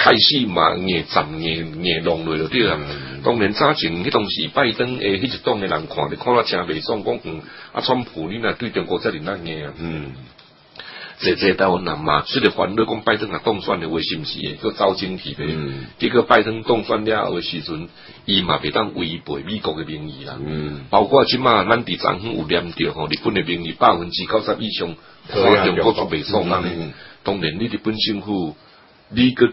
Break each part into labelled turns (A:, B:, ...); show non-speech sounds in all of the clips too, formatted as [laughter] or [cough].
A: 開始嘛。硬浸硬，硬弄嚟咯啲啊！當年早前迄陣時，拜登誒迄一當誒人看，你看到真係未爽，講嗯，啊，川普你若對中國遮係難嘢啊！謝、嗯、台灣人嘛，雖然反對講拜登若當選誒話，是毋是？個周邊事嗯，結果拜登當選了嘅時陣，伊嘛袂當違背美國嘅民意啦。嗯、包括即碼，咱佇昨昏有念到，吼，日本嘅民意百分之九十,十以上，對中國都未爽啦。嗯嗯當然，你日本政府，你佫。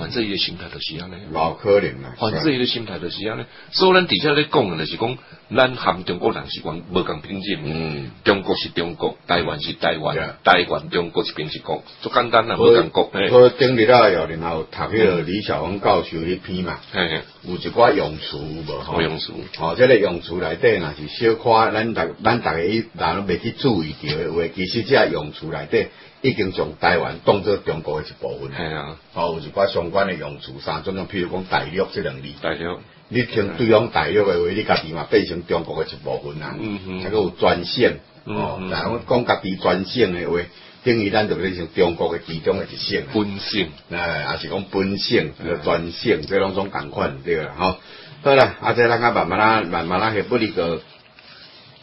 A: 反正伊的心態就是安尼，老可憐啊，反正伊的心態就是安尼。所以咱底下咧講，就是講咱含中國人是講無咁品質。嗯，中國是中國，台灣是台灣，啊、台灣中國是邊是國，足簡單啦、啊，無咁國。我經歷咗然後，
B: 啊、讀許李小文教授迄篇嘛，
A: 係係，有一
B: 寡用處無？冇用處。哦，即、哦哦這個用處內底若是小可，咱大咱大個，大都未去注意到的話，其實即個用處內底。已經從台灣當做中國的一部分。係啊，哦，有一寡相關嘅用詞上，種種，譬如講大陸呢兩字，大陸，你聽對方大陸嘅話，你家己嘛變成中國嘅一部分啦。嗯嗯。再有專線，哦，但係我講家己專線嘅話，等於咱就變成中國的其中的一線本線，誒，也是講本線，個專線，兩種講法對啦、嚇、好啦，咱、啊這個、慢慢啦，慢慢啦，不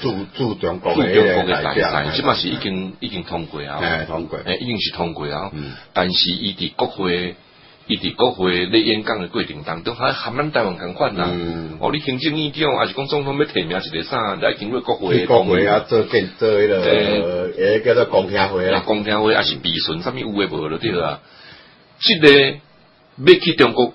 A: 主主講國嘅大賽，即嘛是已經、啊、已經通過啊，誒，通過，誒，已經是通過啊、嗯。但是伊佇國會，伊佇國會咧演講嘅過程當中，還含咱台灣共款啊。哦、嗯，你行政院長抑是講總統要提名一個啥，來，經過國會國會啊，
B: 做建做迄個，誒、呃，叫做公聽會啊。
A: 公聽會啊，是微詢，啥物有誒無嘅都對啦。即、嗯這個要去中國。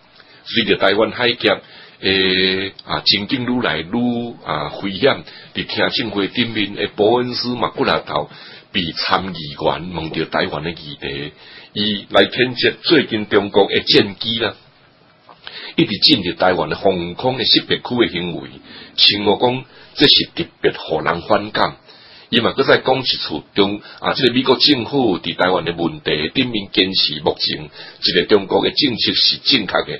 A: 隨着台灣海峽誒、欸、啊，前景愈來愈啊危險佇聽證會頂面嘅伯恩斯麥古拉頭被參議員問到台灣嘅議題，伊來譴責最近中國嘅戰機啦、啊，一直進入台灣防空嘅識別區嘅行為。前我講，這是特別互人反感。伊嘛嗰再講一次，中啊，即、這個、美國政府佇台灣嘅問題頂面堅持目前一個中國嘅政策是正確嘅。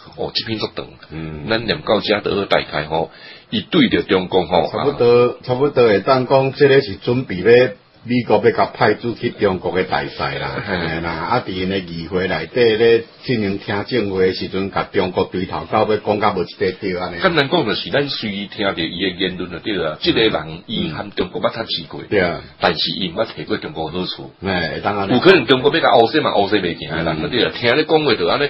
A: 哦，這邊作等，咱兩國遮都好大概吼，伊、嗯、對着中國吼，差不
B: 多、啊、差不多會當講即個是準備咧，美國要甲派駐去中國誒大使啦，吓、嗯、啦，啊佇誒議會內底咧進行聽證會誒時陣，甲中國對頭到尾講甲無
A: 個調安尼。咁難講就是咱隨意聽着伊誒言論就對啦，即、嗯，這個人伊含中國冇他事過，對、嗯、啊，但是伊毋捌提過中國好處，誒，當然，有可能中國比較傲氣嘛，傲氣未見，係啦，嗰啲啊，聽你講話著安尼。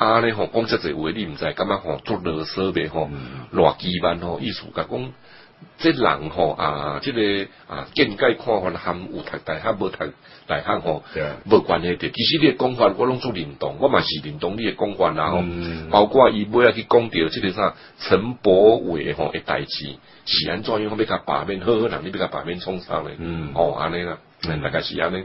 A: 啊知！你學講出一啲話，你毋知感覺吼！學捉落個衰吼，偌垃圾吼，意思講即人吼，啊，即、這個啊，見解看法含，有太大，無太大，無關係啲。其實你誒講法我攏做認同，我嘛是認同你誒講法啊！嗯、包括伊尾啊去講到即個啥陳柏偉吼誒代志，是安怎樣欲甲擺面好好人，你欲佢擺面創啥咧，嗯，哦，安尼啦嗯，大概是安尼。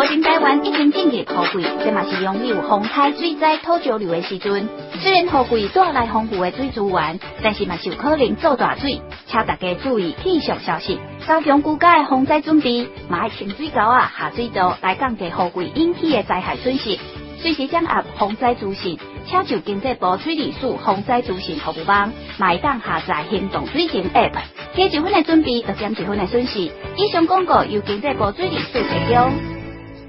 C: 福建台灣已經進入雨季，這嘛是擁有風颱、水災、土石流的時陣。雖然雨季帶來豐富的水資源，但是嘛就可能做大水，請大家注意氣象消息，加強居家的防災準備，清水溝啊、下水道來降低雨季引起嘅災害損失。隨時掌握防災資訊，請就經濟部水利署防災資訊服務網，買檔下載行動水情 App，加一分嘅準備，就減一分嘅損失。以上公告由經濟部水利署提供。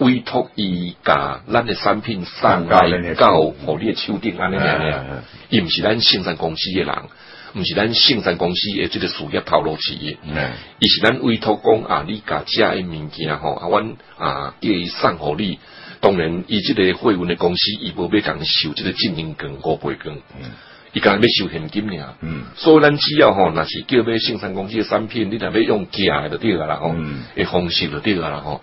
A: 委託伊甲咱的產品送到到互你的手頂安尼樣嘅，伊毋是咱生產公司的人，毋是咱生產公司嘅這個事業頭路企業，伊是咱委託講啊，你甲遮嘅物件吼，啊，阮啊，叫伊送互你，當然伊即個貨運嘅公司，伊無甲要收即個振興券、五倍券，伊甲要收現金㖏，所以咱只要吼，若是叫買生產公司嘅產品，你但要用寄嘅就對個啦吼，誒方式就對個啦吼。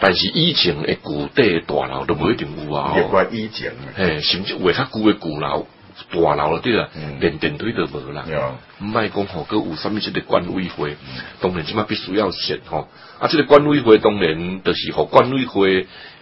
A: 但是以前舊底啲大樓都無一定有啊、哦，有關以前啊，甚至維較舊嘅舊樓大樓嗰啲啊，連電梯都無啦，毋愛講吼，閣有，甚物？即個管委會、嗯，當然即咪必須要設吼，啊，即個管委會當然，著是吼，管委會。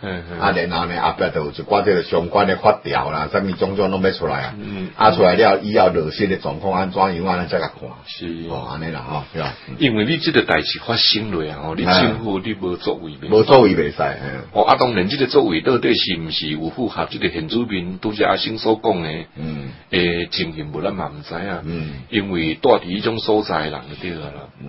A: [noise] 啊後呢，然後
B: 咧，阿伯就就關個相關嘅法條啦，什咪種種都沒出來啊。啊，出來了以、嗯啊、後的，實時嘅狀況安怎樣，你再來看。是哦，哦，
A: 安尼啦，嗬。因為你只個代誌發生嚟啊，你政府你無作為，無、哎、作為袂
B: 使。
A: 哦、嗯，啊，當然呢個作為到底是唔是有符合呢個現住民，都是阿星所講嘅。嗯、欸。誒，情形無咱嘛毋知啊。嗯。因為到底迄種所在人嘅地方就對了嗯。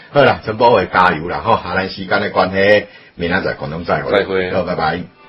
B: 好啦，陳波會加油啦！好，下輪時間嘅關係，明天在廣
D: 東再會，再會，好，拜拜。